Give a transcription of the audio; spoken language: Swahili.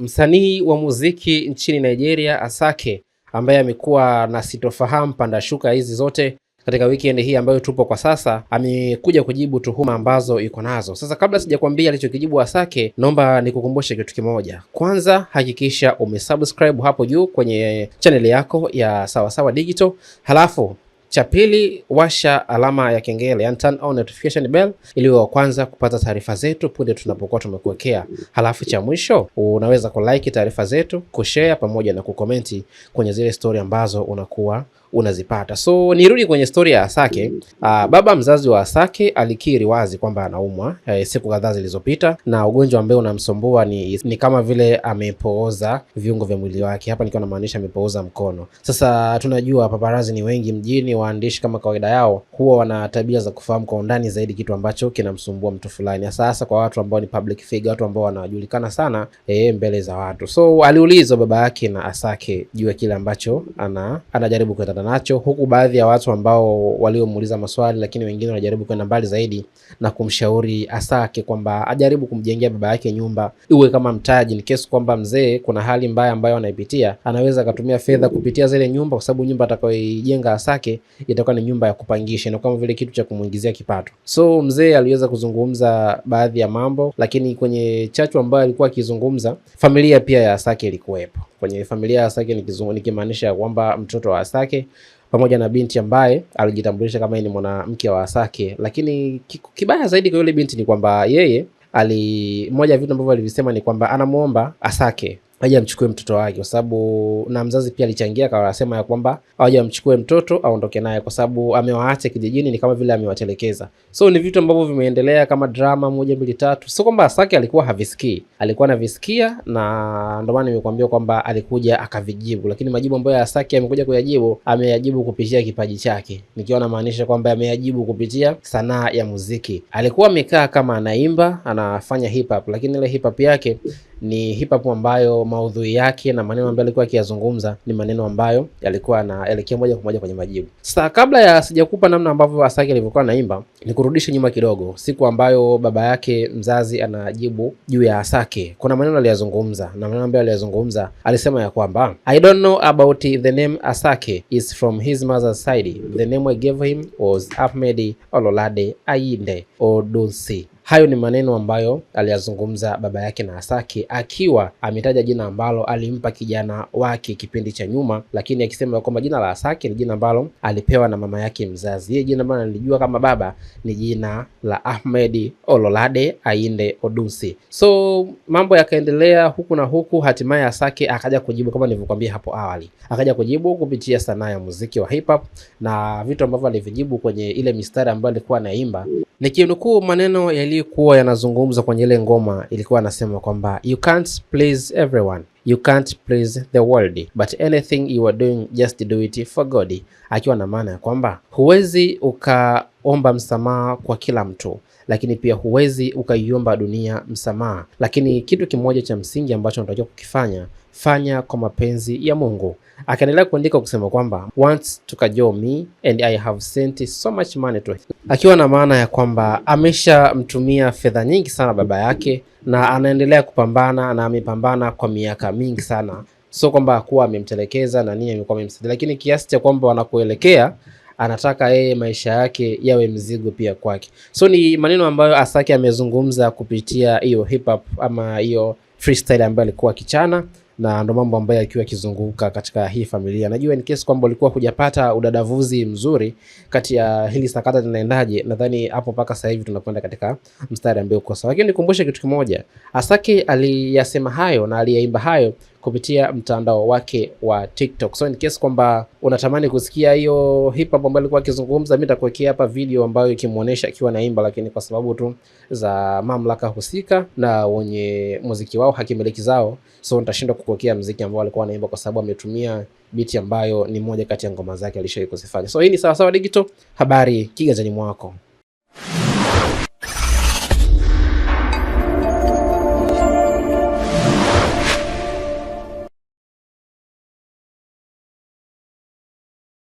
Msanii wa muziki nchini Nigeria Asake ambaye amekuwa na sitofahamu panda shuka hizi zote katika weekend hii ambayo tupo kwa sasa, amekuja kujibu tuhuma ambazo iko nazo. Sasa, kabla sijakwambia alichokijibu Asake, naomba nikukumbushe kitu kimoja. Kwanza hakikisha umesubscribe hapo juu kwenye chaneli yako ya Sawasawa Digital, halafu cha pili, washa alama ya kengele, yani turn on notification bell, ili wa kwanza kupata taarifa zetu punde tunapokuwa tumekuwekea. Halafu cha mwisho, unaweza kulike taarifa zetu, kushare pamoja na kukomenti kwenye zile stori ambazo unakuwa unazipata. So nirudi kwenye stori ya Asake. Mm. Aa, ah, baba mzazi wa Asake alikiri wazi kwamba anaumwa e, siku kadhaa zilizopita na ugonjwa ambao unamsumbua ni, ni kama vile amepooza viungo vya mwili wake. Hapa nikiwa namaanisha amepooza mkono. Sasa tunajua paparazi ni wengi mjini, waandishi kama kawaida yao huwa wana tabia za kufahamu kwa undani zaidi kitu ambacho kinamsumbua mtu fulani, hasa kwa watu ambao ni public figure, watu ambao wanajulikana sana e, mbele za watu. So aliulizwa baba yake na Asake juu ya kile ambacho ana anajaribu kuleta wanakwenda nacho, huku baadhi ya watu ambao waliomuuliza maswali, lakini wengine wanajaribu kwenda mbali zaidi na kumshauri Asake kwamba ajaribu kumjengea baba yake nyumba iwe kama mtaji, in case kwamba mzee kuna hali mbaya ambayo anaipitia, anaweza akatumia fedha kupitia zile nyumba, kwa sababu nyumba atakayoijenga Asake itakuwa ni nyumba ya kupangisha na kama vile kitu cha kumuingizia kipato. So mzee aliweza kuzungumza baadhi ya mambo, lakini kwenye chachu ambayo alikuwa akizungumza, familia pia ya Asake ilikuwepo kwenye familia ya Asake nikimaanisha kwamba mtoto wa Asake pamoja na binti ambaye alijitambulisha kama yeye ni mwanamke wa Asake, lakini kibaya zaidi kwa yule binti ni kwamba yeye ali moja ya vitu ambavyo alivisema ni kwamba anamuomba Asake aje amchukue mtoto wake, kwa sababu na mzazi pia alichangia, anasema ya kwamba aje amchukue mtoto aondoke naye, kwa sababu amewaacha kijijini, ni kama vile amewatelekeza. So ni vitu ambavyo vimeendelea kama drama moja mbili tatu, sio kwamba Asake alikuwa havisikii, alikuwa anavisikia, na ndio maana nimekuambia kwamba alikuja akavijibu, lakini majibu ambayo Asake amekuja kuyajibu ameyajibu kupitia kipaji chake, nikiwa namaanisha kwamba ameyajibu kupitia sanaa ya muziki. Alikuwa amekaa kama anaimba, anafanya hip hop, lakini ile hip hop yake ni hip hop ambayo maudhui yake na maneno ambayo alikuwa akiyazungumza ni maneno ambayo yalikuwa yanaelekea moja kwa moja kwenye majibu. Sasa kabla ya sijakupa namna ambavyo Asake alivyokuwa anaimba, ni kurudisha nyuma kidogo, siku ambayo baba yake mzazi anajibu juu ya Asake, kuna maneno aliyazungumza na maneno ambayo aliyazungumza, alisema ya kwamba I don't know about the name Asake is from his mother's side the name I gave him was Ahmed Ololade Ayinde Odunsi Hayo ni maneno ambayo aliyazungumza baba yake Naasaki akiwa ametaja jina ambalo alimpa kijana wake kipindi cha nyuma, lakini akisema kwamba jina la Asaki ni jina ambalo alipewa na mama yake mzazi. Yeye jina ambalo alijua kama baba ni jina la Ahmed Ololade Ainde Odusi. So mambo yakaendelea huku na huku, hatimaye Asaki akaja kujibu kama nilivyokuambia hapo awali, akaja kujibu kupitia sanaa ya muziki wa hip hop na vitu ambavyo alivijibu kwenye ile mistari ambayo alikuwa anaimba Nikinukuu maneno yaliyokuwa yanazungumza kwenye ile ngoma, ilikuwa anasema kwamba you can't please everyone you can't please the world but anything you are doing just do it for God, akiwa na maana ya kwamba huwezi ukaomba msamaha kwa kila mtu lakini pia huwezi ukaiomba dunia msamaha. Lakini kitu kimoja cha msingi ambacho unatakiwa kukifanya, fanya kwa mapenzi ya Mungu. Akaendelea kuandika kusema kwamba once tukajoo me and I have sent so much money to him, akiwa na maana ya kwamba ameshamtumia fedha nyingi sana baba yake, na anaendelea kupambana na amepambana kwa miaka mingi sana, sio kwamba kuwa amemtelekeza na nini, amekuwa amemsaidia, lakini kiasi cha kwamba wanakuelekea anataka yeye maisha yake yawe mzigo pia kwake. So ni maneno ambayo Asake amezungumza kupitia hiyo hip hop ama hiyo freestyle ambayo alikuwa kichana na ndo mambo ambayo akiwa akizunguka katika hii familia. Najua ni kesi kwamba ulikuwa hujapata udadavuzi mzuri kati ya hili sakata linaendaje, nadhani hapo mpaka sasa hivi tunakwenda katika mstari ambao uko sawa, lakini nikumbushe kitu kimoja, Asake aliyasema hayo na aliyaimba hayo kupitia mtandao wake wa TikTok. So in case kwamba unatamani kusikia hiyo hip hop ambayo alikuwa akizungumza, mimi nitakuwekea hapa video ambayo ikimuonesha akiwa naimba, lakini kwa sababu tu za mamlaka husika na wenye muziki wao hakimiliki zao, so nitashindwa kukuwekea muziki ambao alikuwa anaimba kwa sababu ametumia biti ambayo ni moja kati ya ngoma zake alishawahi kuzifanya. So hii ni Sawasawa Digital, habari kiganjani mwako.